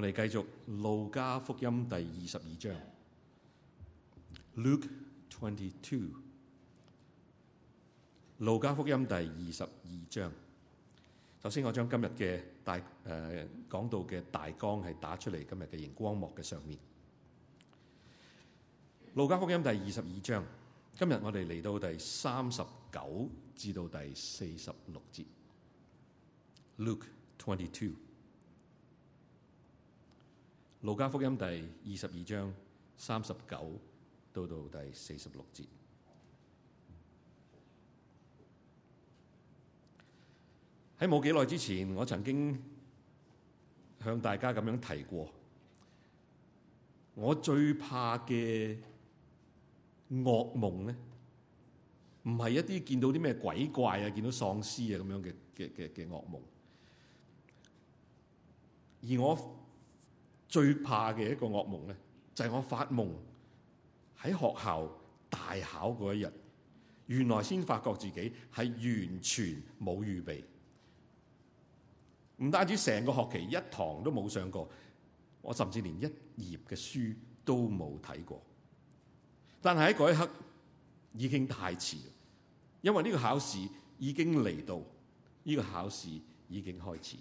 我哋繼續路加福音第二十二章。Luke twenty two，路加福音第二十二章。首先我將今日嘅大誒講到嘅大綱係打出嚟，今日嘅熒光幕嘅上面。路加福音第二十二章，今日我哋嚟到第三十九至到第四十六節。Luke twenty two。路加福音第二十二章三十九到到第四十六節。喺冇幾耐之前，我曾經向大家咁樣提過，我最怕嘅噩夢咧，唔係一啲見到啲咩鬼怪啊，見到喪屍啊咁樣嘅嘅嘅嘅噩夢，而我。最怕嘅一個噩夢咧，就係我發夢喺學校大考嗰一日，原來先發覺自己係完全冇預備。唔單止成個學期一堂都冇上過，我甚至連一頁嘅書都冇睇過。但係喺嗰一刻已經太遲喇，因為呢個考試已經嚟到，呢個考試已經開始。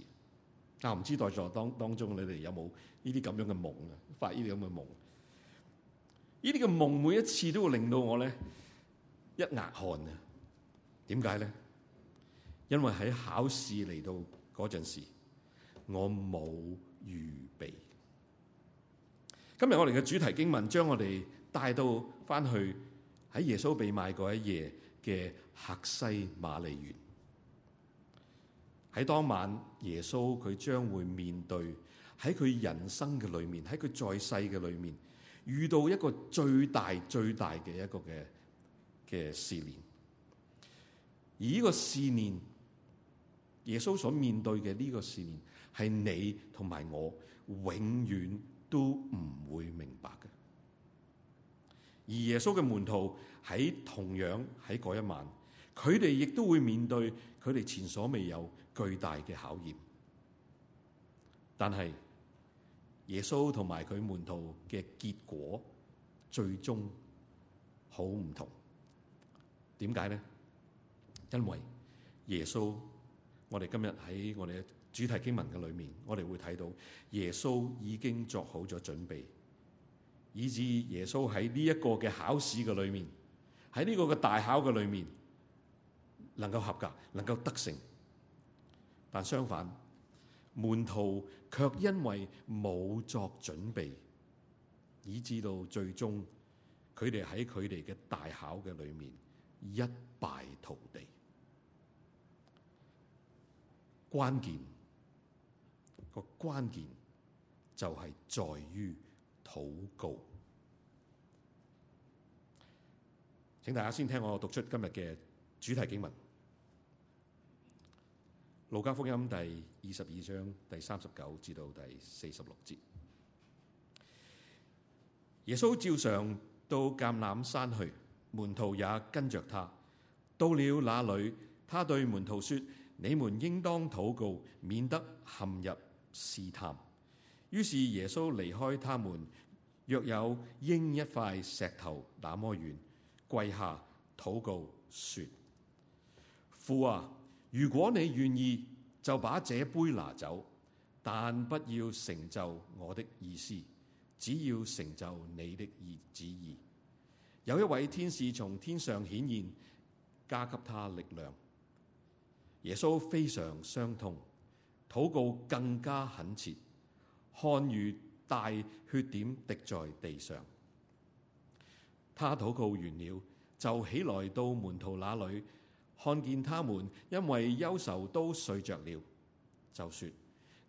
啊！唔知在座當當中你哋有冇呢啲咁樣嘅夢啊？發呢啲咁嘅夢，呢啲嘅夢每一次都會令到我咧一額汗啊！點解咧？因為喺考試嚟到嗰陣時，我冇預備。今日我哋嘅主題經文將我哋帶到翻去喺耶穌被賣嗰一夜嘅客西馬尼園。喺當晚，耶穌佢將會面對喺佢人生嘅裏面，喺佢在世嘅裏面，遇到一個最大最大嘅一個嘅嘅試煉。而呢個試煉，耶穌所面對嘅呢個試煉，係你同埋我永遠都唔會明白嘅。而耶穌嘅門徒喺同樣喺嗰一晚，佢哋亦都會面對佢哋前所未有，巨大嘅考驗，但係耶穌同埋佢門徒嘅結果最終好唔同，點解咧？因為耶穌，我哋今日喺我哋嘅主題經文嘅裏面，我哋會睇到耶穌已經做好咗準備，以至耶穌喺呢一個嘅考試嘅裏面，喺呢個嘅大考嘅裏面，能夠合格，能夠得勝。但相反，門徒卻因為冇作準備，以至到最終，佢哋喺佢哋嘅大考嘅裏面一敗塗地。關鍵，個關鍵就係在於禱告。請大家先聽我讀出今日嘅主題經文。路加福音第二十二章第三十九至到第四十六節，耶穌照常到橄欖山去，門徒也跟着他。到了那裏，他對門徒說：你們應當禱告，免得陷入試探。於是耶穌離開他們，約有扔一塊石頭那麼遠，跪下禱告說：父啊！如果你願意，就把這杯拿走，但不要成就我的意思，只要成就你的意旨意。有一位天使從天上顯現，加給他力量。耶穌非常傷痛，禱告更加懇切，汗如大血點滴在地上。他禱告完了，就起來到門徒那裏。看見他們因為憂愁都睡着了，就說：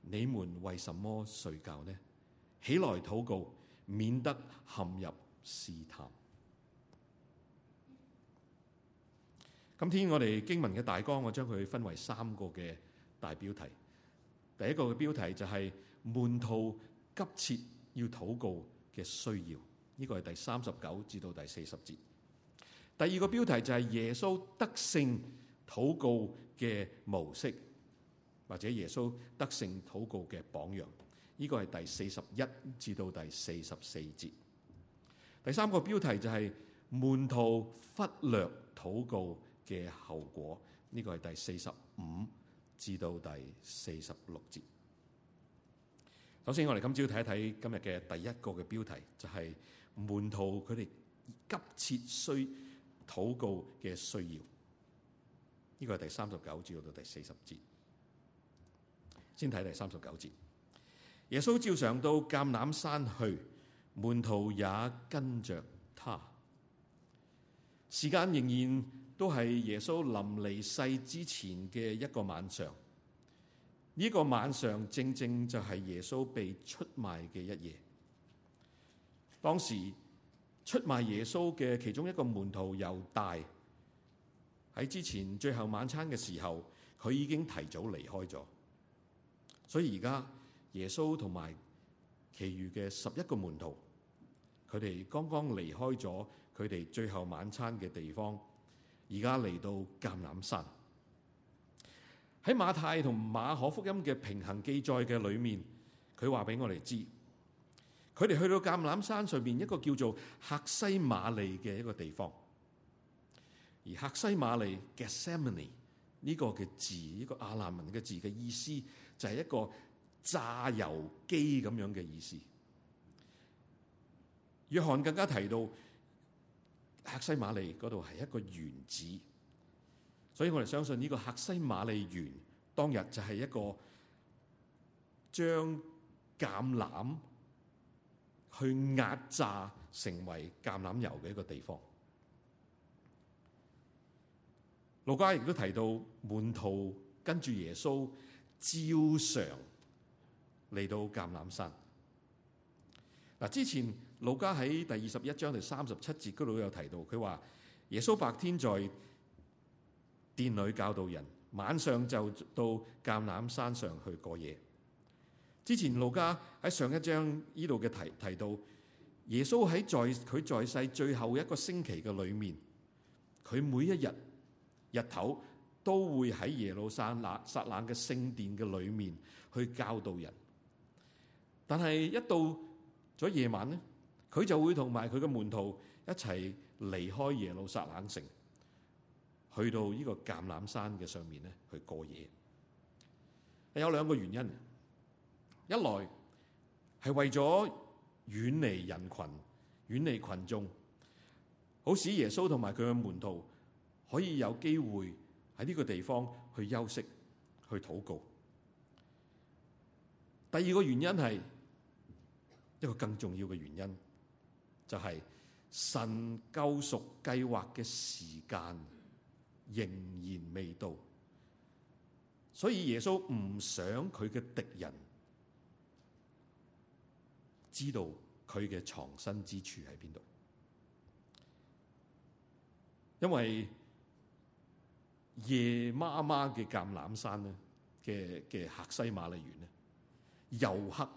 你們為什麼睡覺呢？起來禱告，免得陷入試探。今天我哋經文嘅大綱，我將佢分為三個嘅大標題。第一個嘅標題就係門徒急切要禱告嘅需要，呢個係第三十九至到第四十節。第二個標題就係耶穌得勝禱告嘅模式，或者耶穌得勝禱告嘅榜樣，呢個係第四十一至到第四十四節。第三個標題就係門徒忽略禱告嘅後果，呢個係第四十五至到第四十六節。首先，我哋今朝睇一睇今日嘅第一個嘅標題，就係門徒佢哋急切需。禱告嘅需要，呢個係第三十九節到第四十節。先睇第三十九節，耶穌照常到橄欖山去，門徒也跟着他。時間仍然都係耶穌臨離世之前嘅一個晚上。呢個晚上正正就係耶穌被出賣嘅一夜。當時。出賣耶穌嘅其中一個門徒猶大喺之前最後晚餐嘅時候，佢已經提早離開咗，所以而家耶穌同埋其餘嘅十一個門徒，佢哋剛剛離開咗佢哋最後晚餐嘅地方，而家嚟到橄欖山。喺馬太同馬可福音嘅平衡記載嘅裏面，佢話俾我哋知。佢哋去到橄欖山上面一個叫做客西馬尼嘅一個地方，而客西馬尼嘅 Gethsemane 呢個嘅字，呢、這個阿蘭文嘅字嘅意思，就係、是、一個榨油機咁樣嘅意思。約翰更加提到客西馬尼嗰度係一個園子，所以我哋相信呢個客西馬尼園當日就係一個將橄欖去壓榨成為橄欖油嘅一個地方。路加亦都提到，門徒跟住耶穌照常嚟到橄欖山。嗱，之前路加喺第二十一章第三十七節嗰度有提到，佢話耶穌白天在殿裏教導人，晚上就到橄欖山上去過夜。之前路加喺上一章呢度嘅提提到，耶穌喺在佢在世最後一個星期嘅裏面，佢每一日日頭都會喺耶路撒冷嘅聖殿嘅裏面去教導人，但係一到咗夜晚咧，佢就會同埋佢嘅門徒一齊離開耶路撒冷城，去到呢個橄欖山嘅上面咧去過夜。有兩個原因。一來係為咗遠離人群，遠離群眾，好使耶穌同埋佢嘅門徒可以有機會喺呢個地方去休息，去禱告。第二個原因係一個更重要嘅原因，就係神救贖計劃嘅時間仍然未到，所以耶穌唔想佢嘅敵人知道佢嘅藏身之處喺邊度？因為夜媽媽嘅橄欖山咧嘅嘅客西馬尼園咧，又黑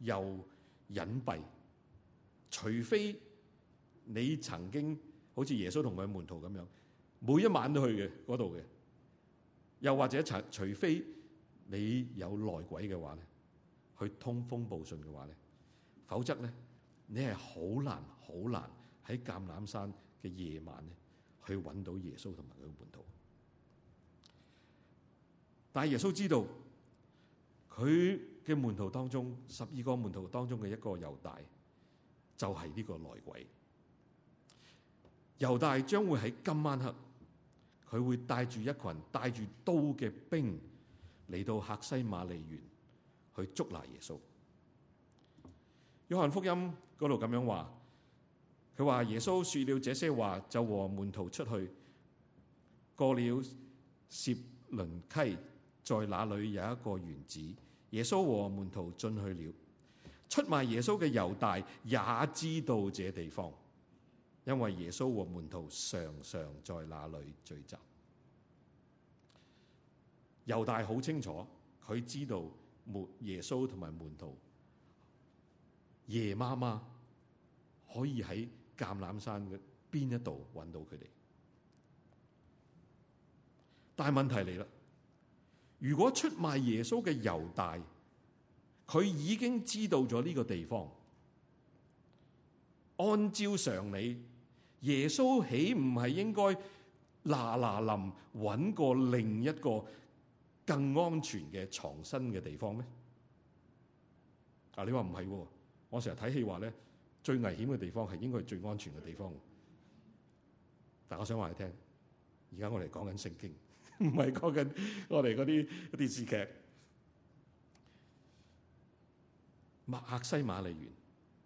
又隱蔽。除非你曾經好似耶穌同佢門徒咁樣每一晚都去嘅嗰度嘅。又或者除除非你有內鬼嘅話咧，去通風報信嘅話咧。否則咧，你係好難、好難喺橄欖山嘅夜晚咧，去揾到耶穌同埋佢門徒。但係耶穌知道，佢嘅門徒當中，十二個門徒當中嘅一個猶大，就係呢個內鬼。猶大將會喺今晚黑，佢會帶住一群帶住刀嘅兵嚟到客西馬尼園去捉拿耶穌。約翰福音嗰度咁樣話，佢話耶穌說了這些話，就和門徒出去，過了涉倫溪，在那裡有一個園子，耶穌和門徒進去了。出賣耶穌嘅猶大也知道這地方，因為耶穌和門徒常常在那裡聚集。猶大好清楚，佢知道門耶穌同埋門徒。夜媽媽可以喺橄欖山嘅邊一度揾到佢哋，但係問題嚟啦，如果出賣耶穌嘅猶大，佢已經知道咗呢個地方，按照常理，耶穌豈唔係應該嗱嗱臨揾個另一個更安全嘅藏身嘅地方咩？啊，你話唔係喎？我成日睇戲話咧，最危險嘅地方係應該係最安全嘅地方。但我想話你聽，而家我哋講緊聖經，唔係講緊我哋嗰啲電視劇。客西馬尼園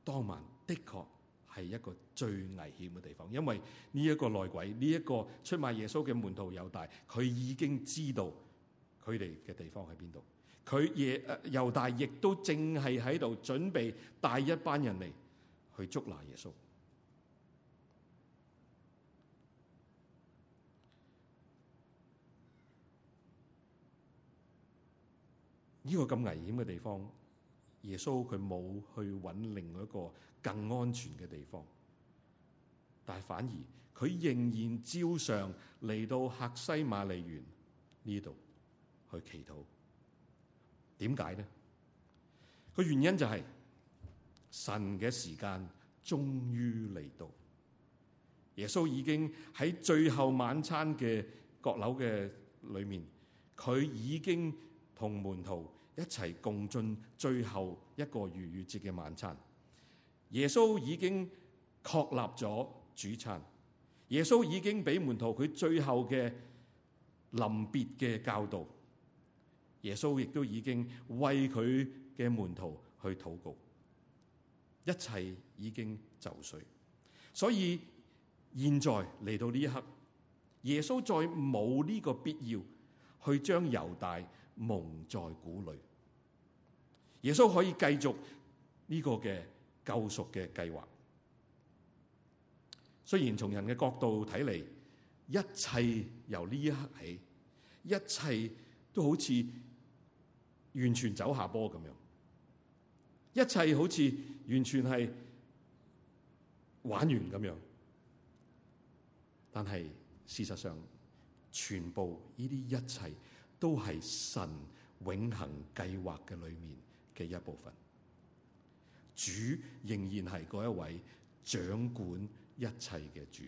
當晚的確係一個最危險嘅地方，因為呢一個內鬼，呢、這、一個出賣耶穌嘅門徒猶大，佢已經知道佢哋嘅地方喺邊度。佢夜誒猶大亦都正係喺度準備帶一班人嚟去捉拿耶穌。呢個咁危險嘅地方，耶穌佢冇去揾另外一個更安全嘅地方，但係反而佢仍然照常嚟到客西馬尼園呢度去祈禱。點解呢？個原因就係、是、神嘅時間終於嚟到，耶穌已經喺最後晚餐嘅閣樓嘅裏面，佢已經同門徒一齊共進最後一個逾越節嘅晚餐。耶穌已經確立咗主餐，耶穌已經俾門徒佢最後嘅臨別嘅教導。耶穌亦都已經為佢嘅門徒去禱告，一切已經就緒，所以現在嚟到呢一刻，耶穌再冇呢個必要去將猶大蒙在鼓裏。耶穌可以繼續呢個嘅救贖嘅計劃。雖然從人嘅角度睇嚟，一切由呢一刻起，一切都好似，完全走下坡咁樣，一切好似完全係玩完咁樣。但係事實上，全部呢啲一切都係神永恒計劃嘅裏面嘅一部分。主仍然係嗰一位掌管一切嘅主。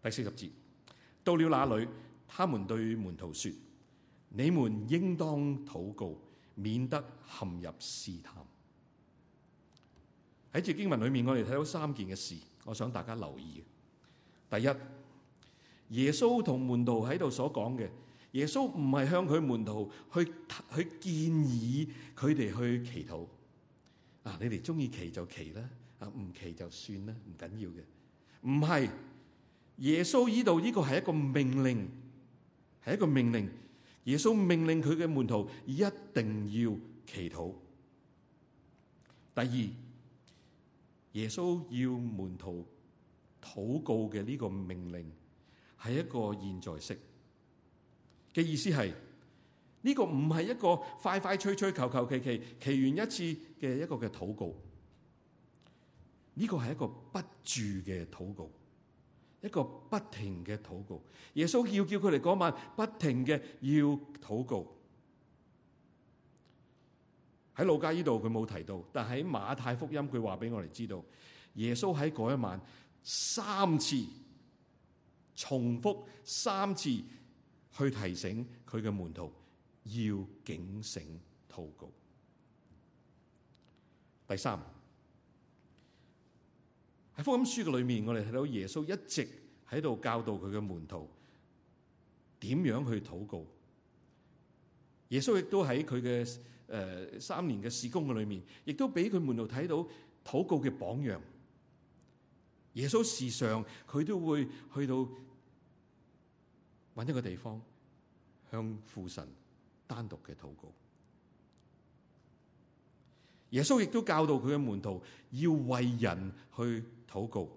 第四十節，到了那裡，他們對門徒說，你們應當禱告，免得陷入試探。喺這經文裏面，我哋睇到三件嘅事，我想大家留意。第一，耶穌同門徒喺度所講嘅，耶穌唔係向佢門徒去去建議佢哋去祈禱啊。你哋中意祈就祈啦，啊唔祈就算啦，唔緊要嘅。唔係，耶穌呢度呢個係一個命令，係一個命令。耶穌命令佢嘅門徒一定要祈禱。第二，耶穌要門徒禱告嘅呢個命令係一個現在式嘅，意思係呢、呢個唔係一個快快脆脆、求求其其、祈完一次嘅一個嘅禱告，呢、呢個係一個不住嘅禱告。一個不停嘅禱告，耶穌要叫佢哋嗰晚，不停嘅要禱告。喺路加呢度佢冇提到，但喺馬太福音佢話俾我哋知道，耶穌喺嗰一晚三次重複三次去提醒佢嘅門徒要警醒禱告。第三。喺福音書嘅裏面，我哋睇到耶穌一直喺度教導佢嘅門徒點樣去禱告。耶穌亦都喺佢嘅誒三年嘅事工嘅裏面，亦都俾佢門徒睇到禱告嘅榜樣。耶穌時常，佢都會去到揾一個地方向父神單獨嘅禱告。耶穌亦都教導佢嘅門徒要為人去。禱告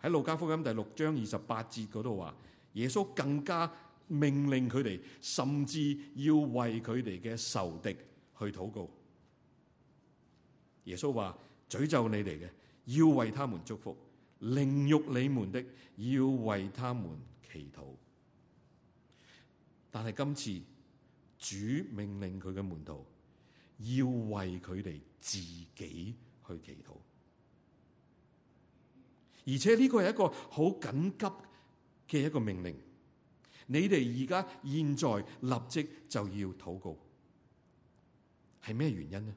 喺路加福音第六章二十八節嗰度話，耶穌更加命令佢哋，甚至要為佢哋嘅仇敵去禱告。耶穌話：詛咒你哋嘅，要為他們祝福；凌辱你們的，要為他們祈禱。但係今次，主命令佢嘅門徒要為佢哋自己去祈禱。而且呢個係一個好緊急嘅一個命令，你哋而家現在，現在立即就要禱告，係咩原因呢？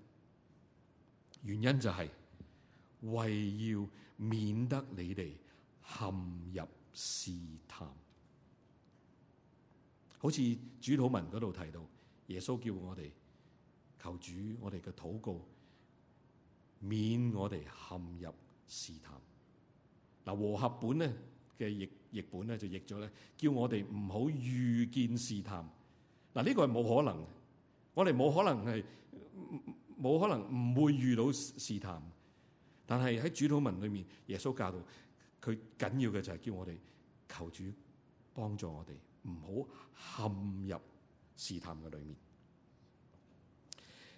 原因就係、是、為要免得你哋陷入試探，好似主禱文嗰度提到，耶穌叫我哋求主，我哋嘅禱告免我哋陷入試探。嗱，和合本咧嘅譯譯本咧就譯咗咧，叫我哋唔好遇見試探。嗱呢個係冇可能嘅，我哋冇可能係冇可能唔會遇到試探。但係喺主禱文裏面，耶穌教導佢緊要嘅就係叫我哋求主幫助我哋，唔好陷入試探嘅裏面，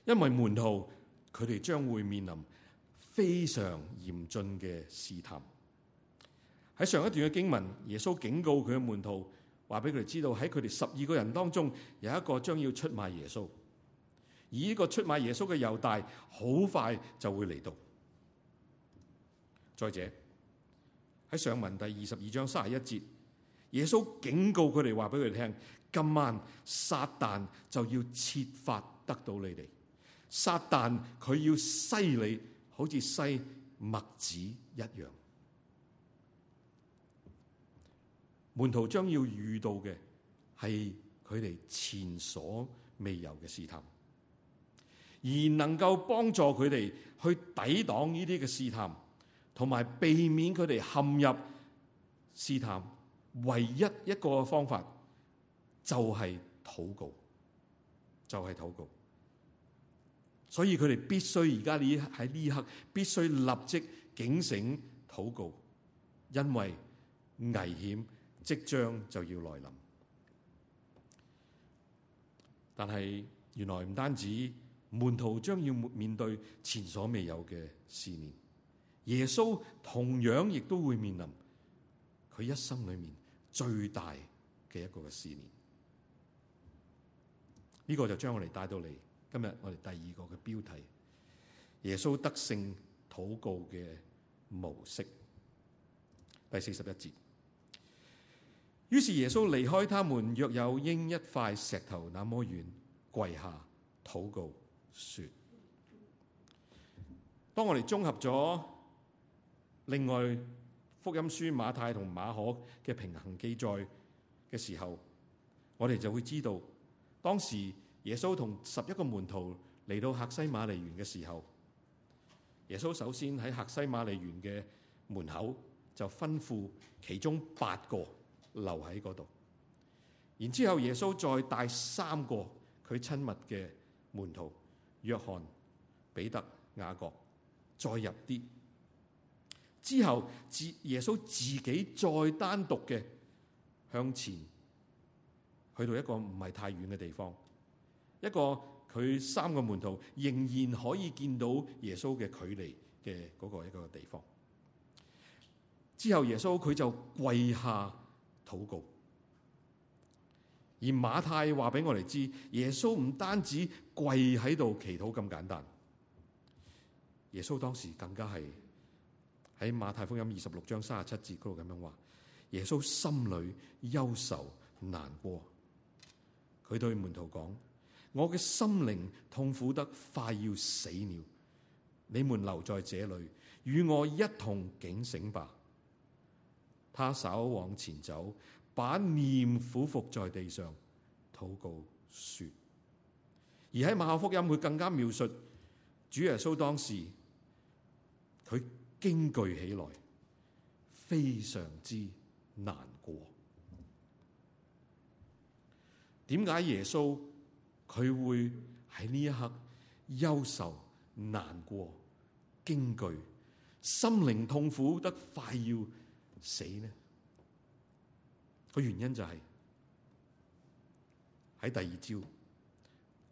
因為門徒佢哋將會面臨非常嚴峻嘅試探。喺上一段嘅經文，耶穌警告佢嘅門徒，話俾佢哋知道喺佢哋十二個人當中有一個將要出賣耶穌，而呢個出賣耶穌嘅猶大，好快就會嚟到。再者，喺上文第二十二章三十一節，耶穌警告佢哋話俾佢哋聽，今晚撒旦就要設法得到你哋，撒旦佢要篩你，好似篩麥子一樣。門徒將要遇到嘅係佢哋前所未有嘅試探，而能夠幫助佢哋去抵擋呢啲嘅試探，同埋避免佢哋陷入試探，唯一一個方法就係禱告，就係禱告。所以佢哋必須而家呢，喺呢一刻必須立即警醒禱告，因為危險。即將就要來臨，但係原來唔單止門徒將要面對前所未有嘅試煉，耶穌同樣亦都會面臨佢一生裏面最大嘅一個嘅試煉。呢、這個就將我哋帶到嚟今日我哋第二個嘅標題：耶穌得勝禱告嘅模式，第四十一節。於是耶穌離開他們，約有應一塊石頭那麼遠，跪下禱告說：當我哋綜合咗另外福音書馬太同馬可嘅平衡記載嘅時候，我哋就會知道，當時耶穌同十一個門徒嚟到客西馬尼園嘅時候，耶穌首先喺客西馬尼園嘅門口就吩咐其中八個。留喺嗰度，然之後耶穌再帶三個佢親密嘅門徒約翰、彼得、雅各再入啲，之後自耶穌自己再單獨嘅向前去到一個唔係太遠嘅地方，一個佢三個門徒仍然可以見到耶穌嘅距離嘅嗰個一個地方。之後耶穌佢就跪下。禱告，而馬太話俾我哋知，耶穌唔單止跪喺度祈禱咁簡單，耶穌當時更加係喺馬太福音二十六章三十七節嗰度咁樣話：耶穌心裏憂愁難過，佢對門徒講：我嘅心靈痛苦得快要死了，你們留在這裏，與我一同警醒吧。他手往前走，把念苦伏在地上，禱告說。而喺馬可福音，會更加描述主耶穌當時佢驚懼起來，非常之難過。點解耶穌佢會喺呢一刻憂愁、難過、驚懼、心靈痛苦得快要？死。呢個原因就係、是、喺第二朝，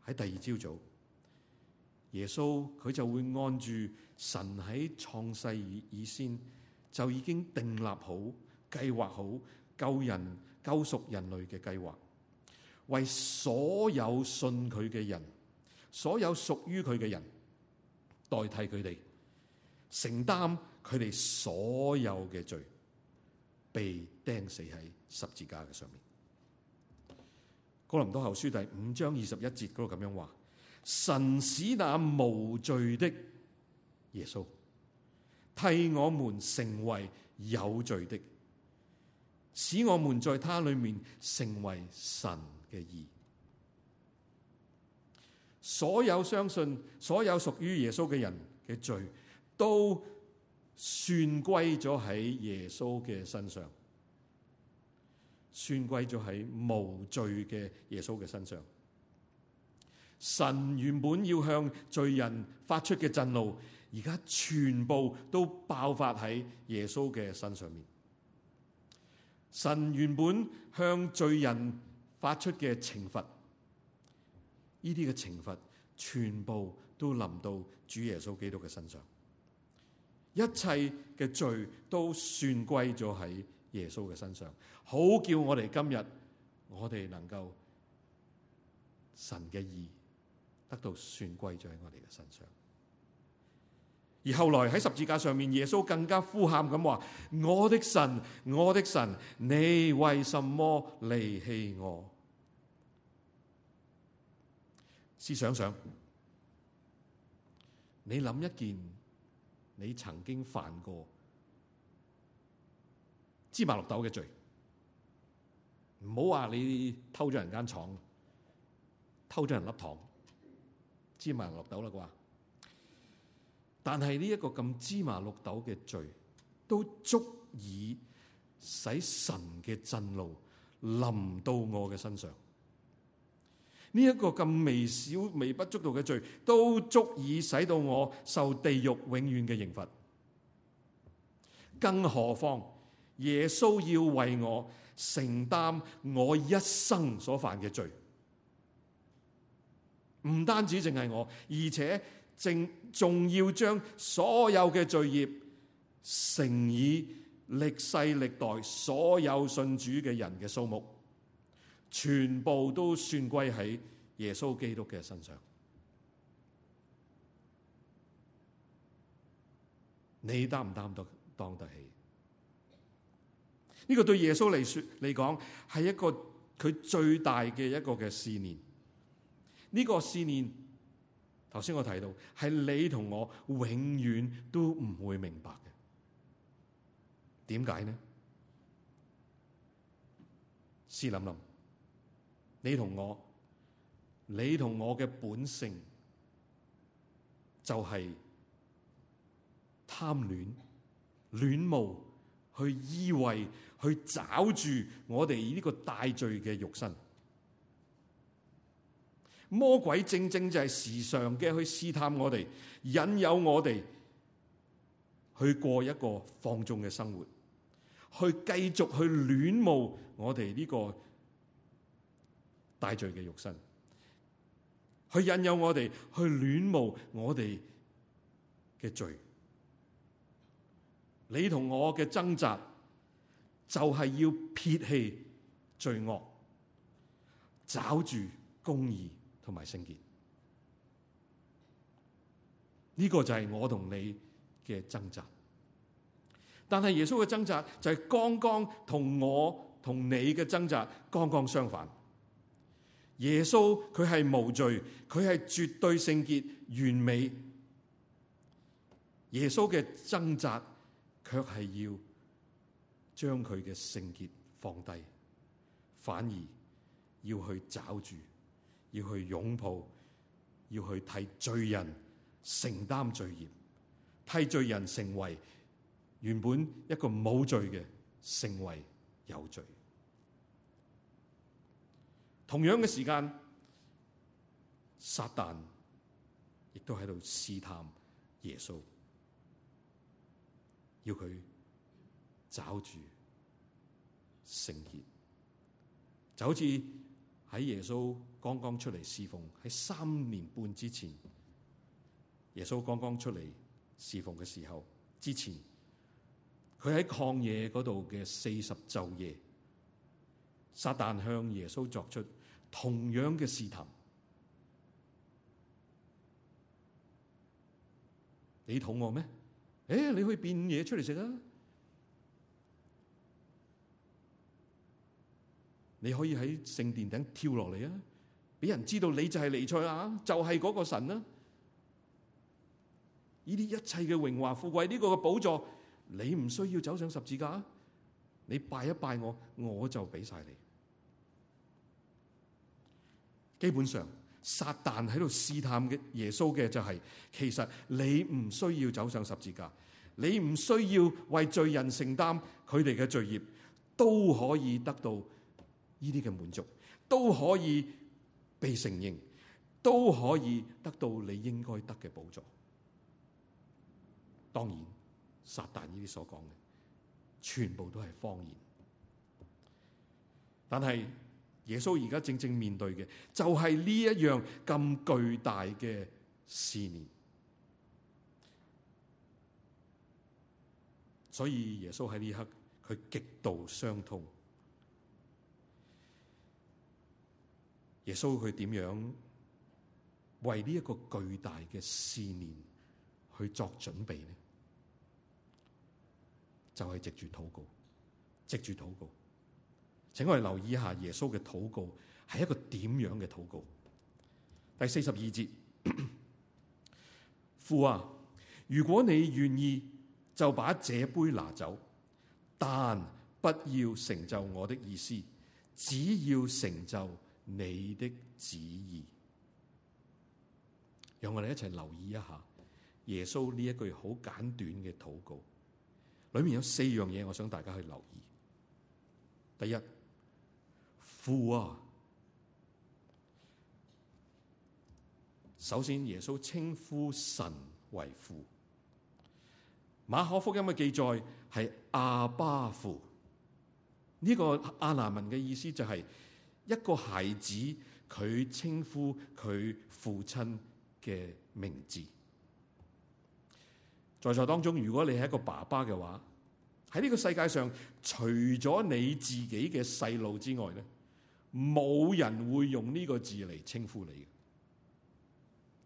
喺第二朝早，耶穌佢就會按住神喺創世以先就已經訂立好計劃好救人救贖人類嘅計劃，為所有信佢嘅人，所有屬於佢嘅人，代替佢哋承擔佢哋所有嘅罪。被釘死喺十字架嘅上面。哥林多後書第五章二十一節嗰度咁樣話：神使那無罪的耶穌替我們成為有罪的，使我們在他裡面成為神嘅義。所有相信、所有屬於耶穌嘅人嘅罪，都。算歸咗喺耶穌嘅身上，算歸咗喺無罪嘅耶穌嘅身上。神原本要向罪人發出嘅震怒，而家全部都爆發喺耶穌嘅身上面。神原本向罪人發出嘅懲罰，呢啲嘅懲罰全部都臨到主耶穌基督嘅身上。一切嘅罪都算歸咗喺耶穌嘅身上，好叫我哋今日我哋能夠神嘅義得到算歸咗喺我哋嘅身上。而後來喺十字架上面，耶穌更加呼喊咁話：我的神，我的神，你為什麼離棄我？試想想，你諗一件。你曾經犯過芝麻綠豆嘅罪，唔好話你偷咗人間廠，偷咗人粒糖，芝麻綠豆啦啩。但係呢一個咁芝麻綠豆嘅罪，都足以使神嘅震怒臨到我嘅身上。呢、這、一個咁微小、微不足道嘅罪，都足以使到我受地獄永遠嘅刑罰。更何況耶穌要為我承擔我一生所犯嘅罪。唔單止淨係我，而且正仲要將所有嘅罪孽乘以歷世歷代所有信主嘅人嘅數目。全部都算歸喺耶穌基督嘅身上，你擔唔擔得當得起？呢、這個對耶穌嚟說嚟講係一個佢最大嘅一個嘅思念。呢、這個思念，頭先我提到係你同我永遠都唔會明白嘅。點解呢？試諗諗。你同我，你同我嘅本性就係貪戀、戀慕，去依偎、去抓住我哋呢個大罪嘅肉身。魔鬼正正就係時常嘅去試探我哋，引誘我哋去過一個放縱嘅生活，去繼續去戀慕我哋呢、這個。大罪嘅肉身，去引誘我哋去戀慕我哋嘅罪。你同我嘅掙扎就係、是、要撇棄罪惡，抓住公義同埋聖潔。呢、這個就係我同你嘅掙扎，但係耶穌嘅掙扎就係、是、剛剛同我同你嘅掙扎剛剛相反。耶穌佢係無罪，佢係絕對聖潔完美。耶穌嘅掙扎，卻係要將佢嘅聖潔放低，反而要去抓住，要去擁抱，要去替罪人承擔罪孽，替罪人成為原本一個冇罪嘅，成為有罪。同樣嘅時間，撒旦亦都喺度試探耶穌，要佢找住聖賢，就好似喺耶穌剛剛出嚟侍奉喺三年半之前，耶穌剛剛出嚟侍奉嘅時候之前，佢喺曠野嗰度嘅四十晝夜，撒旦向耶穌作出，同樣嘅試探，你肚餓咩？誒，你可以變嘢出嚟食啊！你可以喺、啊、聖殿頂跳落嚟啊！俾人知道你就係彌賽亞、啊，就係、是、嗰個神啦！呢啲一切嘅榮華富貴，呢、這個嘅寶座，你唔需要走上十字架、啊，你拜一拜我，我就俾晒你。基本上，撒旦喺度試探嘅耶穌嘅就係、是，其實你唔需要走上十字架，你唔需要為罪人承擔佢哋嘅罪孽，都可以得到呢啲嘅滿足，都可以被承認，都可以得到你應該得嘅補助。當然，撒旦呢啲所講嘅，全部都係謊言，但係。耶穌而家正正面對嘅就係呢一樣咁巨大嘅思念，所以耶穌喺呢刻佢極度傷痛。耶穌佢點樣為呢一個巨大嘅思念去作準備呢？就係、是、藉住禱告，藉住禱告。請我哋留意一下耶穌嘅禱告係一個點樣嘅禱告？第四十二節，父啊，如果你願意，就把這杯拿走，但不要成就我的意思，只要成就你的旨意。讓我哋一齊留意一下耶穌呢一句好簡短嘅禱告，裏面有四樣嘢，我想大家去留意。第一。父啊！首先，耶穌稱呼神為父。馬可福音嘅記載係阿巴父，呢個亞蘭文嘅意思就係一個孩子佢稱呼佢父親嘅名字。在座當中，如果你係一個爸爸嘅話，喺呢個世界上，除咗你自己嘅細路之外咧，冇人會用呢個字嚟稱呼你。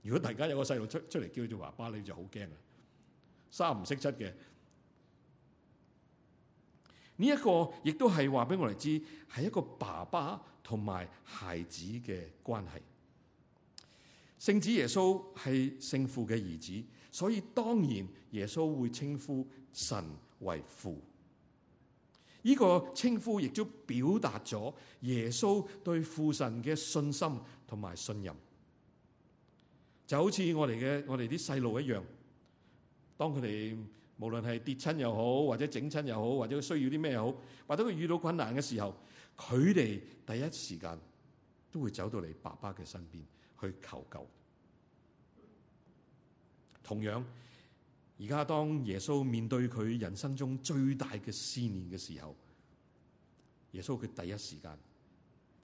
如果大家有個細路出出嚟叫佢做爸爸，你就好驚啦，三唔識七嘅。呢一個亦都係話俾我哋知，係一個爸爸同埋孩子嘅關係。聖子耶穌係聖父嘅兒子，所以當然耶穌會稱呼神為父。呢個稱呼亦都表達咗耶穌對父神嘅信心同埋信任，就好似我哋嘅我哋啲細路一樣，當佢哋無論係跌親又好，或者整親又好，或者佢需要啲咩又好，或者佢遇到困難嘅時候，佢哋第一時間都會走到你爸爸嘅身邊去求救。同樣。而家當耶穌面對佢人生中最大嘅思念嘅時候，耶穌佢第一時間，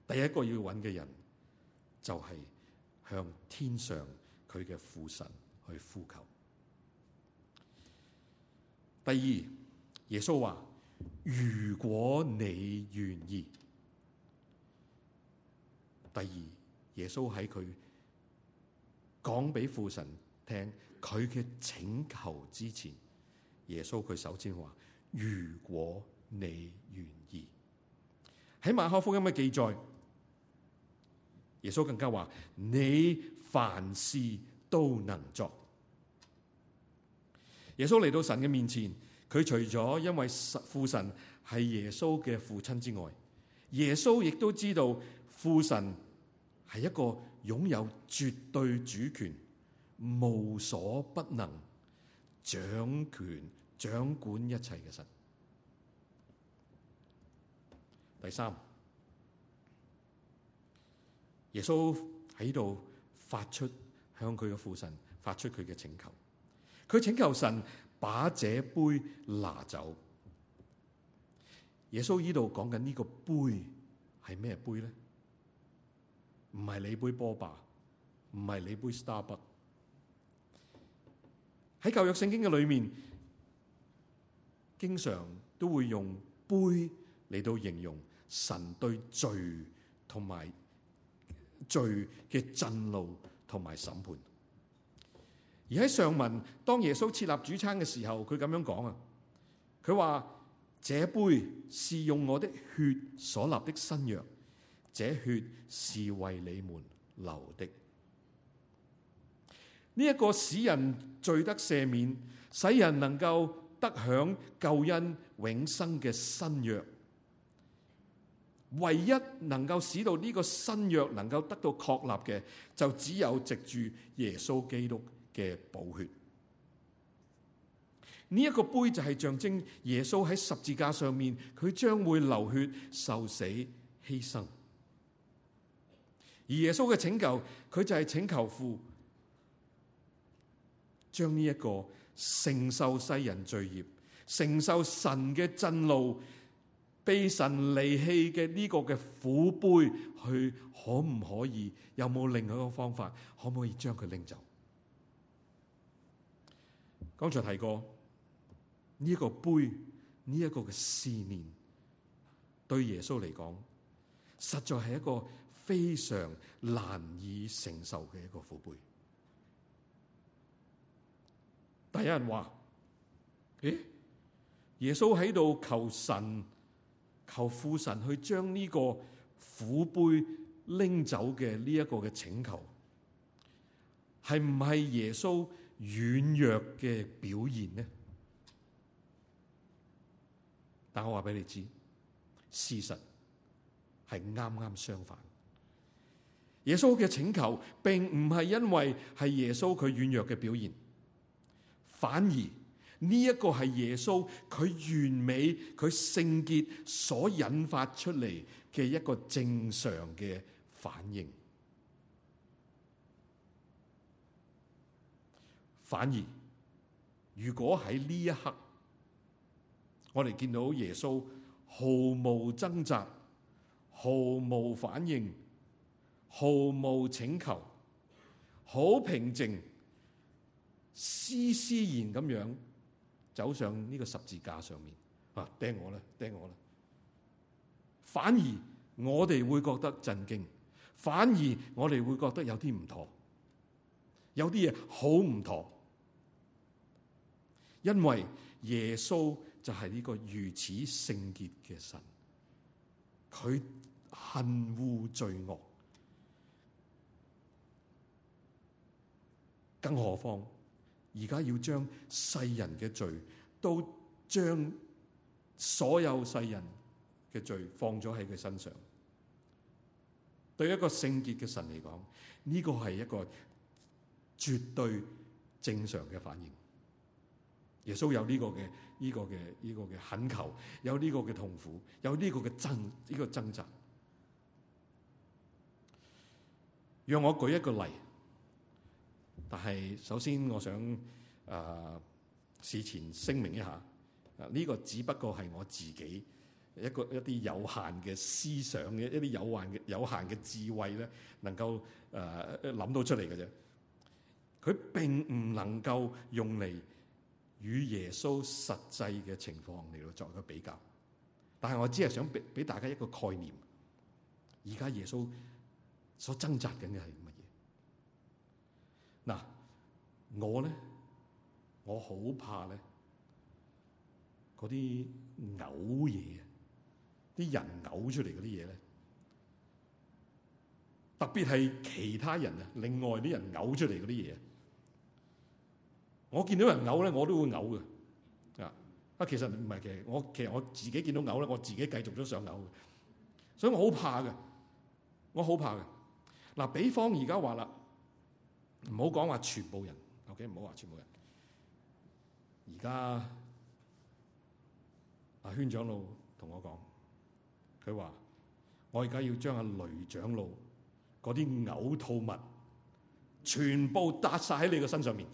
第一個要揾嘅人就係向天上佢嘅父神去呼求。第二，耶穌話：如果你願意。第二，耶穌喺佢講俾父神聽。佢嘅請求之前，耶穌佢首先話：如果你願意，喺馬可福音嘅記載，耶穌更加話：你凡事都能作。耶穌嚟到神嘅面前，佢除咗因為父神係耶穌嘅父親之外，耶穌亦都知道父神係一個擁有絕對主權。無所不能、掌權、掌管一切嘅神。第三，耶穌喺度發出向佢嘅父神發出佢嘅請求，佢請求神把這杯拿走。耶穌依度講緊呢個杯係咩杯咧？唔係你杯波霸，唔係你杯 Starbucks。喺舊約聖經嘅裏面，經常都會用杯嚟到形容神對罪同埋罪嘅震怒同埋審判。而喺上文，當耶穌設立主餐嘅時候，佢咁樣講啊，佢話：這杯是用我的血所立的新約，這血是為你們流的。呢、這、一個使人罪得赦免，使人能夠得享救恩永生嘅新約，唯一能夠使到呢個新約能夠得到確立嘅，就只有藉住耶穌基督嘅寶血。呢、這、一個杯就係象徵耶穌喺十字架上面，佢將會流血受死犧牲。而耶穌嘅請求，佢就係請求父。將呢一個承受世人罪孽、承受神嘅震怒、被神離棄嘅呢個嘅苦杯，去可唔可以？有冇另外一個方法？可唔可以將佢拎走？剛才提過呢一個杯，呢一個嘅思念，對耶穌嚟講，實在係一個非常難以承受嘅一個苦杯。第一人話：誒，耶穌喺度求神、求父神去將呢個苦杯拎走嘅呢一個嘅請求，係唔係耶穌軟弱嘅表現呢？但我話俾你知，事實係啱啱相反。耶穌嘅請求並唔係因為係耶穌佢軟弱嘅表現。反而呢一個係耶穌佢完美、佢聖潔所引發出嚟，嘅一個正常嘅反應。反而如果喺呢一刻，我哋見到耶穌毫無掙扎、毫無反應、毫無請求，好平靜。思思然咁樣走上呢個十字架上面，啊，釘我啦，釘我啦！反而我哋會覺得震驚，反而我哋會覺得有啲唔妥，有啲嘢好唔妥，因為耶穌就係呢個如此聖潔嘅神，佢恨惡罪惡，更何況。而家要將世人嘅罪，都將所有世人嘅罪放咗喺佢身上。對一個聖潔嘅神嚟講，呢個係一個絕對正常嘅反應。耶穌有呢個嘅呢個嘅呢個嘅懇求，有呢個嘅痛苦，有呢個嘅掙呢個掙扎。讓我舉一個例。但係，首先我想誒、呃、事前聲明一下，啊、這、呢個只不過係我自己一個一啲有限嘅思想嘅一啲有限嘅有限嘅智慧咧，能夠誒諗、呃、到出嚟嘅啫。佢並唔能夠用嚟與耶穌實際嘅情況嚟到作一個比較。但係我只係想俾俾大家一個概念，而家耶穌所掙扎緊嘅係。嗱，我咧，我好怕咧，嗰啲嘔嘢，啲人，人嘔出嚟嗰啲嘢咧，特別係其他人啊，另外啲人嘔出嚟嗰啲嘢，我見到人嘔咧，我都會嘔嘅，啊啊，其實唔係嘅，我其實我自己見到嘔咧，我自己繼續咗想嘔嘅，所以我好怕嘅，我好怕嘅。嗱，比方而家話啦。唔好講話全部人，OK？唔好話全部人。而家阿圈長老同我講，佢話我而家要將阿、啊、雷長老嗰啲嘔吐物全部搭晒喺你個身上面。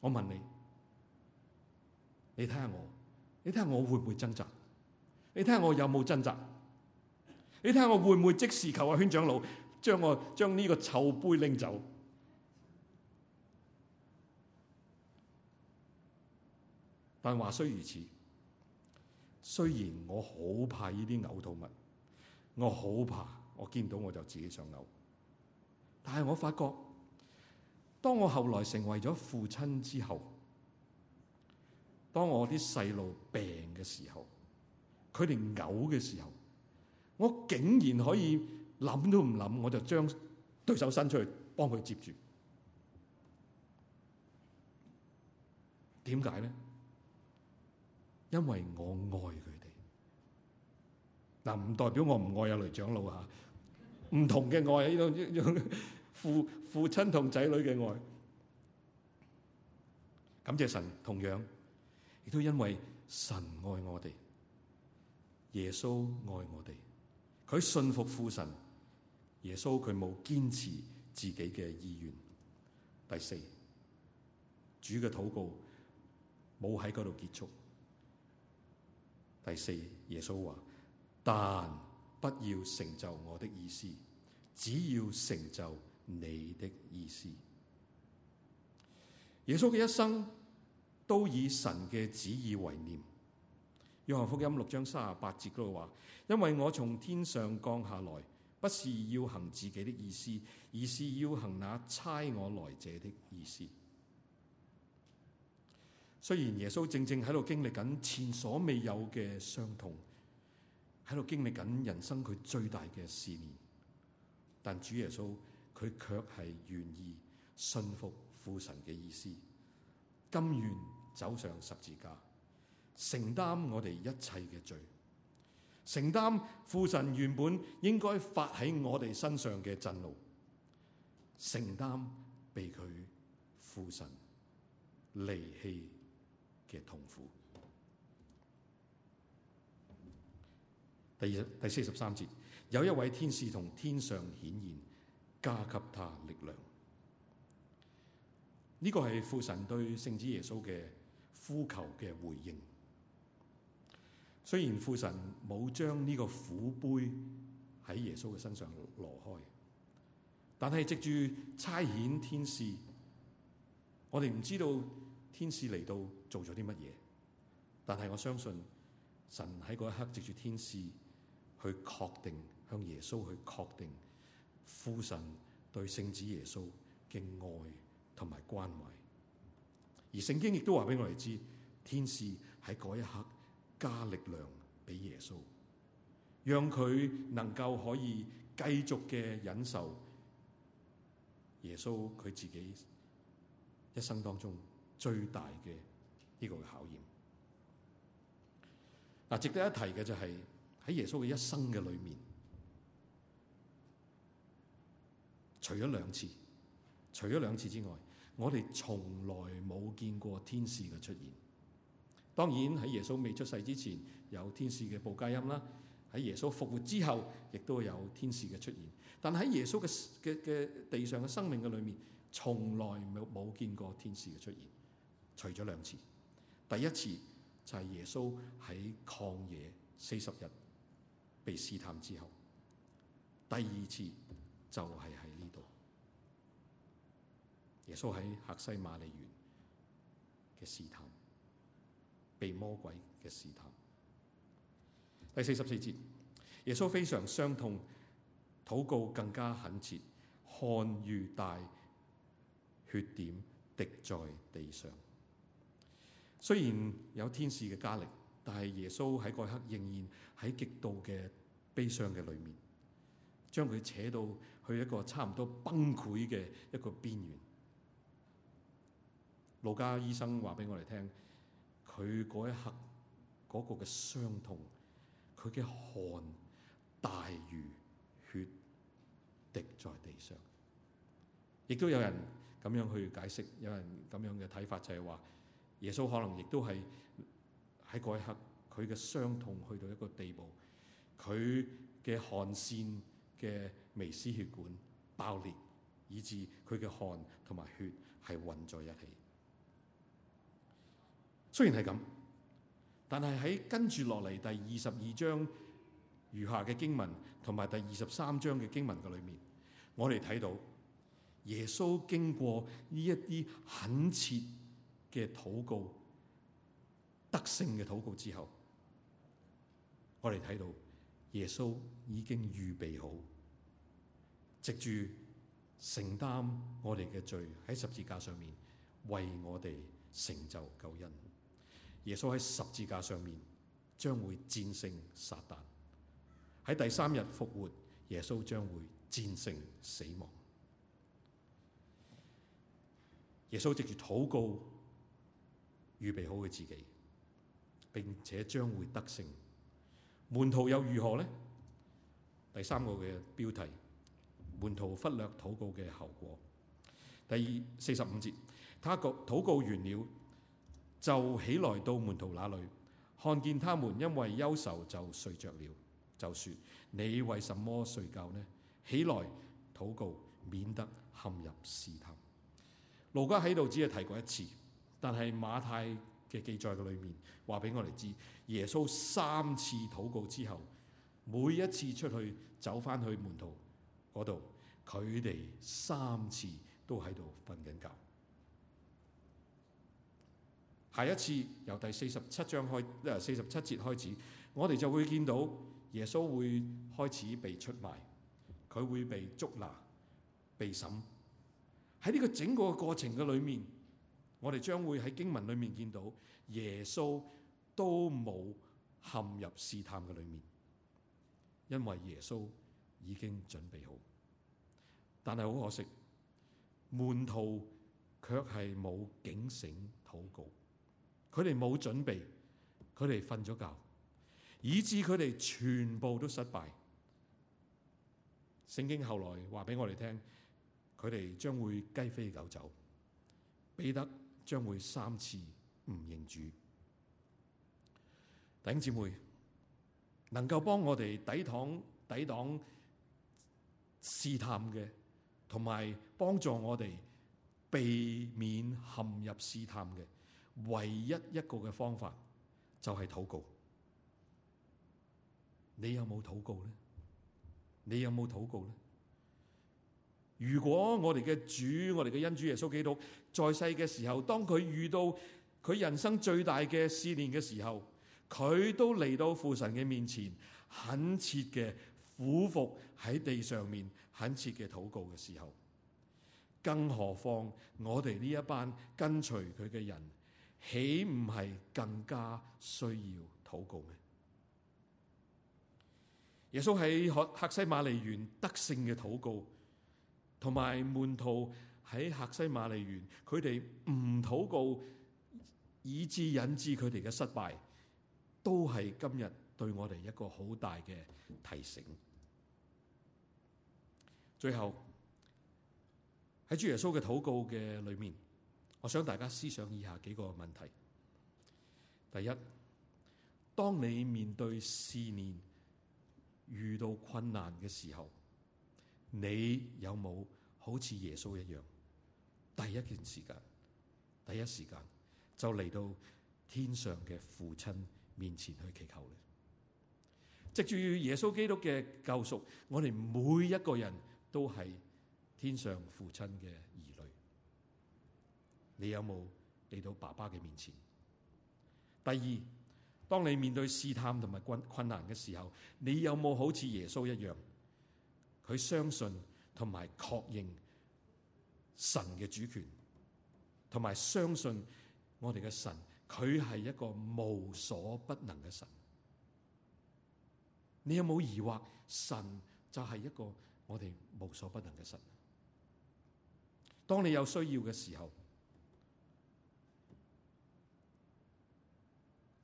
我問你，你睇下我，你睇下我會唔會掙扎？你睇下我有冇掙扎？你睇下我會唔會即時求下、啊、圈長老？將我將呢個臭杯拎走？但話雖如此，雖然我好怕呢啲嘔吐物，我好怕，我見到我就自己想嘔。但係我發覺，當我後來成為咗父親之後，當我啲細路病嘅時候，佢哋嘔嘅時候，我竟然可以。諗都唔諗，我就將對手伸出去幫佢接住。點解咧？因為我愛佢哋。嗱，唔代表我唔愛阿雷長老啊。唔同嘅愛喺呢度父父親同仔女嘅愛。感謝神，同樣亦都因為神愛我哋，耶穌愛我哋，佢信服父神。耶穌佢冇堅持自己嘅意願。第四，主嘅禱告冇喺嗰度結束。第四，耶穌話：但不要成就我的意思，只要成就你的意思。耶穌嘅一生都以神嘅旨意為念。約翰福音六章三十八節嗰度話：因為我從天上降下來。不是要行自己的意思，而是要行那差我來者的意思。雖然耶穌正正喺度經歷緊前所未有嘅傷痛，喺度經歷緊人生佢最大嘅試煉，但主耶穌佢卻係願意信服父神嘅意思，甘願走上十字架，承擔我哋一切嘅罪。承擔父神原本應該發喺我哋身上嘅震怒，承擔被佢父神離棄嘅痛苦。第二第四十三節，有一位天使同天上顯現，加給他力量。呢、這個係父神對聖子耶穌嘅呼求嘅回應。雖然父神冇將呢個苦杯喺耶穌嘅身上挪開，但係藉住差遣天使，我哋唔知道天使嚟到做咗啲乜嘢，但係我相信神喺嗰一刻藉住天使去確定向耶穌去確定父神對聖子耶穌嘅愛同埋關懷，而聖經亦都話俾我哋知，天使喺嗰一刻。加力量俾耶穌，讓佢能夠可以繼續嘅忍受耶穌佢自己一生當中最大嘅呢個考驗。嗱，值得一提嘅就係喺耶穌嘅一生嘅裏面，除咗兩次，除咗兩次之外，我哋從來冇見過天使嘅出現。當然喺耶穌未出世之前有天使嘅報佳音啦，喺耶穌復活之後亦都有天使嘅出現，但喺耶穌嘅嘅嘅地上嘅生命嘅裏面，從來冇冇見過天使嘅出現，除咗兩次，第一次就係耶穌喺曠野四十日被試探之後，第二次就係喺呢度，耶穌喺客西馬尼園嘅試探。被魔鬼嘅試探。第四十四節，耶穌非常傷痛，禱告更加懇切，汗如大血點滴在地上。雖然有天使嘅加力，但係耶穌喺嗰刻仍然喺極度嘅悲傷嘅裏面，將佢扯到去一個差唔多崩潰嘅一個邊緣。路加醫生話俾我哋聽。佢嗰一刻嗰個嘅傷痛，佢嘅汗大如血滴在地上。亦都有人咁樣去解釋，有人咁樣嘅睇法就係話耶穌可能亦都係喺嗰一刻，佢嘅傷痛去到一個地步，佢嘅汗腺嘅微絲血管爆裂，以致佢嘅汗同埋血係混在一起。雖然係咁，但係喺跟住落嚟第二十二章餘下嘅經文，同埋第二十三章嘅經文嘅裏面，我哋睇到耶穌經過呢一啲懇切嘅禱告，得勝嘅禱告之後，我哋睇到耶穌已經預備好，藉住承擔我哋嘅罪喺十字架上面，為我哋成就救恩。耶穌喺十字架上面將會戰勝撒旦，喺第三日復活，耶穌將會戰勝死亡。耶穌藉住禱告預備好佢自己，並且將會得勝。門徒又如何呢？第三個嘅標題：門徒忽略禱告嘅後果。第四十五節，他告禱告完了。就起來到門徒那裏，看見他們因為憂愁就睡着了，就説：你為什麼睡覺呢？起來禱告，免得陷入試探。路加喺度只係提過一次，但係馬太嘅記載嘅裏面話俾我哋知，耶穌三次禱告之後，每一次出去走返去門徒嗰度，佢哋三次都喺度瞓緊覺。下一次由第四十七章開，四十七節開始，我哋就會見到耶穌會開始被出賣，佢會被捉拿、被審。喺呢個整個過程嘅裏面，我哋將會喺經文裏面見到耶穌都冇陷入試探嘅裏面，因為耶穌已經準備好，但係好可惜，門徒卻係冇警醒禱告。佢哋冇準備，佢哋瞓咗覺，以致佢哋全部都失敗。聖經後來話俾我哋聽，佢哋將會雞飛狗走，彼得將會三次唔認主。弟兄姊妹，能夠幫我哋抵擋抵擋試探嘅，同埋幫助我哋避免陷入試探嘅。唯一一個嘅方法就係、是、禱告。你有冇禱告呢？你有冇禱告呢？如果我哋嘅主，我哋嘅恩主耶穌基督在世嘅時候，當佢遇到佢人生最大嘅試煉嘅時候，佢都嚟到父神嘅面前，懇切嘅俯伏喺地上面，懇切嘅禱告嘅時候，更何況我哋呢一班跟隨佢嘅人。豈唔係更加需要禱告咩？耶穌喺客客西馬尼園得勝嘅禱告，同埋門徒喺客西馬尼園，佢哋唔禱告，以致引致佢哋嘅失敗，都係今日對我哋一個好大嘅提醒。最後喺主耶穌嘅禱告嘅裏面。我想大家思想以下幾個問題：第一，當你面對試煉、遇到困難嘅時候，你有冇好似耶穌一樣，第一件時間，第一時間就嚟到天上嘅父親面前去祈求呢？藉住耶穌基督嘅救贖，我哋每一個人都係天上父親嘅兒。你有冇嚟到爸爸嘅面前？第二，當你面對試探同埋困困難嘅時候，你有冇好似耶穌一樣，佢相信同埋確認神嘅主權，同埋相信我哋嘅神，佢係一個無所不能嘅神。你有冇疑惑，神就係一個我哋無所不能嘅神？當你有需要嘅時候。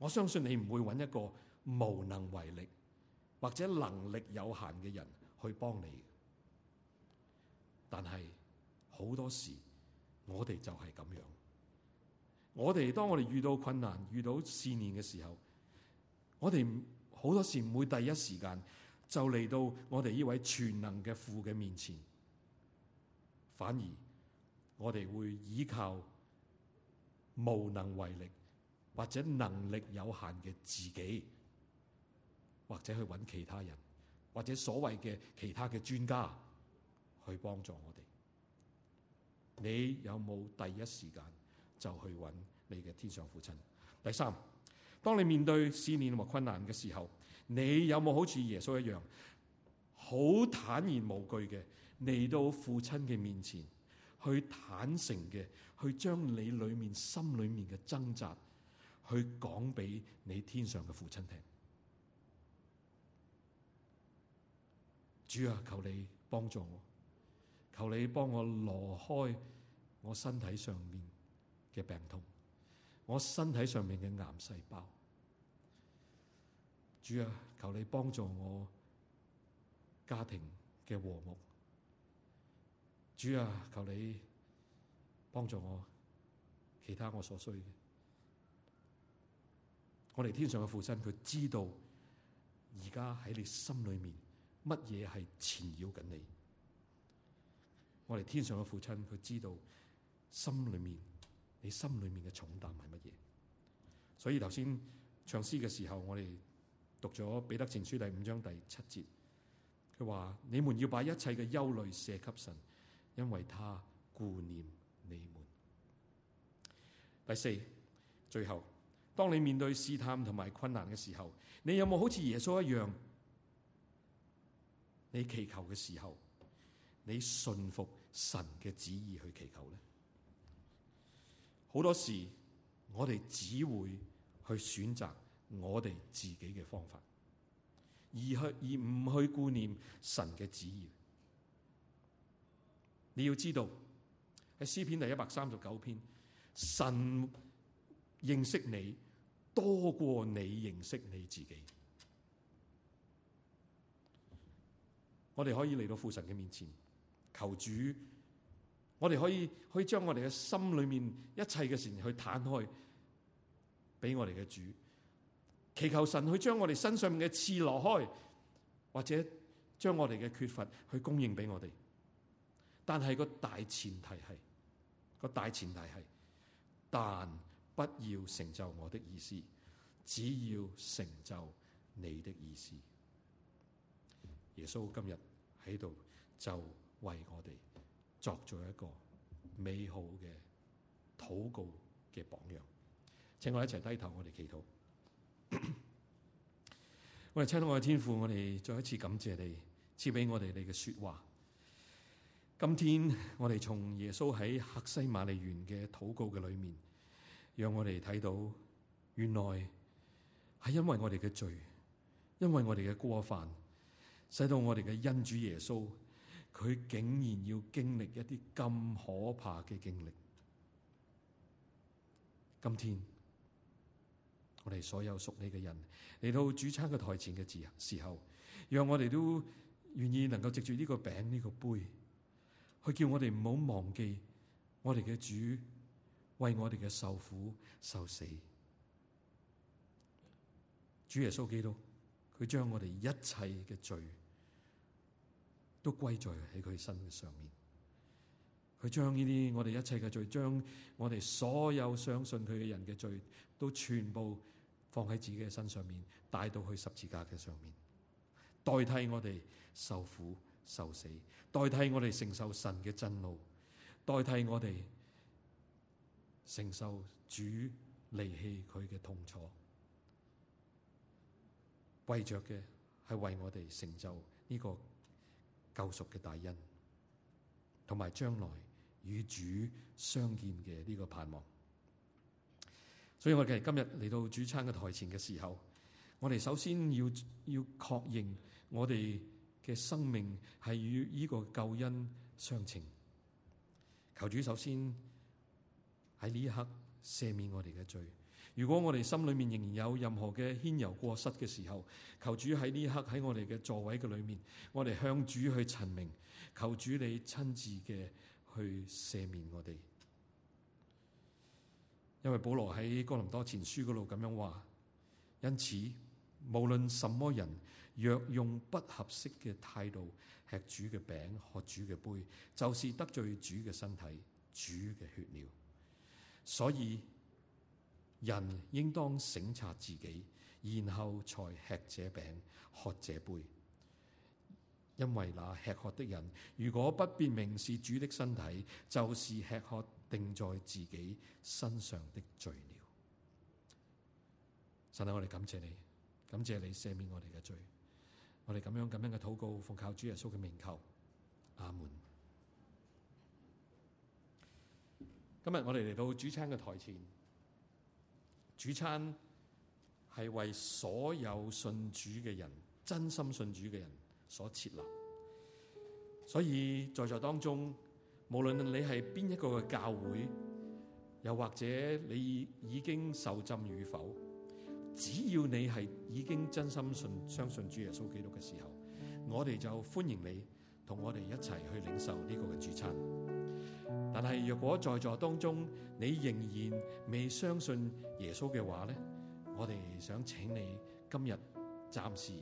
我相信你唔會揾一個無能為力或者能力有限嘅人去幫你。但係好多時我哋就係咁樣，我哋當我哋遇到困難、遇到試煉嘅時候，我哋好多時唔會第一時間就嚟到我哋呢位全能嘅父嘅面前，反而我哋會依靠無能為力。或者能力有限嘅自己，或者去揾其他人，或者所謂嘅其他嘅專家去幫助我哋。你有冇第一時間就去揾你嘅天上父親？第三，當你面對試煉同困難嘅時候，你有冇好似耶穌一樣，好坦然無懼嘅嚟到父親嘅面前，去坦誠嘅去將你裏面心裏面嘅掙扎？去講俾你天上嘅父親聽。主啊，求你幫助我，求你幫我挪開我身體上面嘅病痛，我身體上面嘅癌細胞。主啊，求你幫助我家庭嘅和睦。主啊，求你幫助我其他我所需嘅。我哋天上嘅父親，佢知道而家喺你心裏面乜嘢係纏繞緊你。我哋天上嘅父親，佢知道心裏面你心裏面嘅重擔係乜嘢。所以頭先唱詩嘅時候，我哋讀咗彼得前書第五章第七節，佢話：你們要把一切嘅憂慮卸給神，因為他顧念你們。第四，最後。當你面對試探同埋困難嘅時候，你有冇好似耶穌一樣？你祈求嘅時候，你信服神嘅旨意去祈求呢？好多時，我哋只會去選擇我哋自己嘅方法，而去而唔去顧念神嘅旨意。你要知道喺詩篇第一百三十九篇，神認識你多過你認識你自己。我哋可以嚟到父神嘅面前求主，我哋可以可以將我哋嘅心裏面一切嘅事去攤開，俾我哋嘅主，祈求神去將我哋身上面嘅刺攞開，或者將我哋嘅缺乏去供應俾我哋。但係個大前提係個大前提係，但。不要成就我的意思，只要成就你的意思。耶穌今日喺度就為我哋作咗一個美好嘅禱告嘅榜樣。請我一齊低頭，我哋祈禱。咳咳，我哋親愛嘅天父，我哋再一次感謝你賜俾我哋你嘅說話。今天我哋從耶穌喺客西瑪尼園嘅禱告嘅裏面。讓我哋睇到，原來係因為我哋嘅罪，因為我哋嘅過犯，使到我哋嘅恩主耶穌，佢竟然要經歷一啲咁可怕嘅經歷。今天，我哋所有屬你嘅人嚟到主餐嘅台前嘅時時候，讓我哋都願意能夠藉住呢個餅呢個杯，去叫我哋唔好忘記我哋嘅主。為我哋嘅受苦受死，主耶穌基督，佢將我哋一切嘅罪都歸罪在喺佢身嘅上面。佢將呢啲我哋一切嘅罪，將我哋所有相信佢嘅人嘅罪，都全部放喺自己嘅身上面，帶到去十字架嘅上面，代替我哋受苦受死，代替我哋承受神嘅震怒，代替我哋。承受主離棄佢嘅痛楚，為着嘅係為我哋成就呢個救贖嘅大恩，同埋將來與主相見嘅呢個盼望。所以我哋今日嚟到主餐嘅台前嘅時候，我哋首先要要確認我哋嘅生命係與呢個救恩相稱。求主首先。喺呢一刻赦免我哋嘅罪。如果我哋心裏面仍然有任何嘅牽柔過失嘅時候，求主喺呢一刻喺我哋嘅座位嘅裏面，我哋向主去陳明，求主你親自嘅去赦免我哋。因為保羅喺哥林多前書嗰度咁樣話，因此無論什麼人，若用不合適嘅態度吃主嘅餅、喝主嘅杯，就是得罪主嘅身體、主嘅血了。所以，人應當省察自己，然後才吃這餅、喝這杯。因為那吃喝的人，如果不辨明是主的身體，就是吃喝定在自己身上的罪了。神啊，我哋感謝你，感謝你赦免我哋嘅罪。我哋咁樣咁樣嘅禱告，奉靠主耶穌嘅名求，阿門。今日我哋嚟到主餐嘅台前，主餐係為所有信主嘅人，真心信主嘅人所設立。所以在座當中，無論你係邊一個嘅教會，又或者你已經受浸與否，只要你係已經真心信、相信主耶穌基督嘅時候，我哋就歡迎你同我哋一齊去領受呢個嘅主餐。但係，若果在座當中你仍然未相信耶穌嘅話咧，我哋想請你今日暫時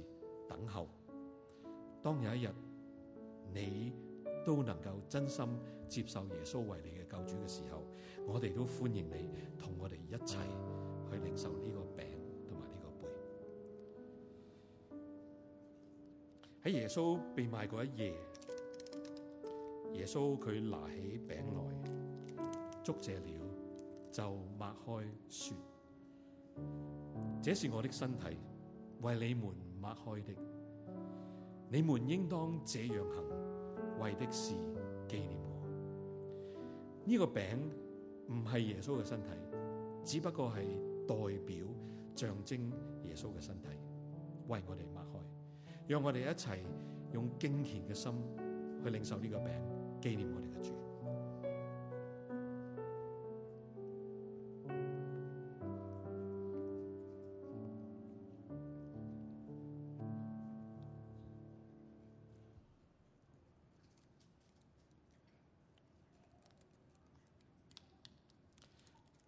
等候。當有一日你都能夠真心接受耶穌為你嘅救主嘅時候，我哋都歡迎你同我哋一齊去領受呢個餅同埋呢個杯。喺耶穌被賣嗰一夜，耶穌佢拿起餅來，祝謝了就擘開說：這是我的身體，為你們擘開的。你們應當這樣行，為的是紀念我。呢、這個餅唔係耶穌嘅身體，只不過係代表象徵耶穌嘅身體，為我哋擘開。讓我哋一齊用敬虔嘅心去領受呢個餅。紀念我哋嘅主。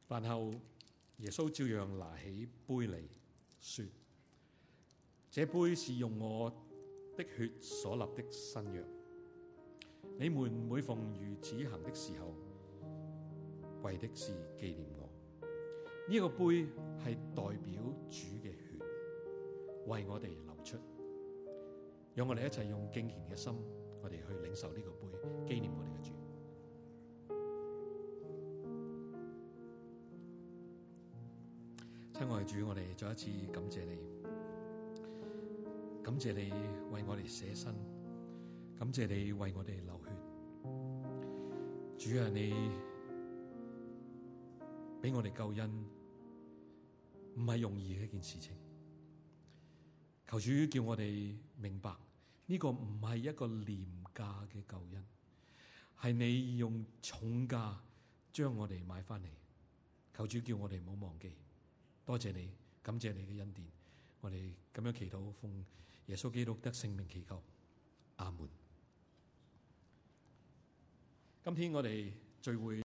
飯後耶穌照樣拿起杯嚟，說：這杯是用我的血所立的新約。你們每逢如此行的時候，為的是紀念我。呢、這個杯係代表主嘅血，為我哋流出。讓我哋一齊用敬虔嘅心，我哋去領受呢個杯，紀念我哋嘅主。親愛主，我哋再一次感謝你，感謝你為我哋捨身。感謝你為我哋流血，主要係你俾我哋救恩，唔係容易嘅一件事情。求主叫我哋明白呢個唔係一個廉價嘅救恩，係你用重價將我哋買翻嚟。求主叫我哋唔好忘記，多謝你，感謝你嘅恩典。我哋咁樣祈禱，奉耶穌基督得聖名祈求，阿門。今天我哋聚會。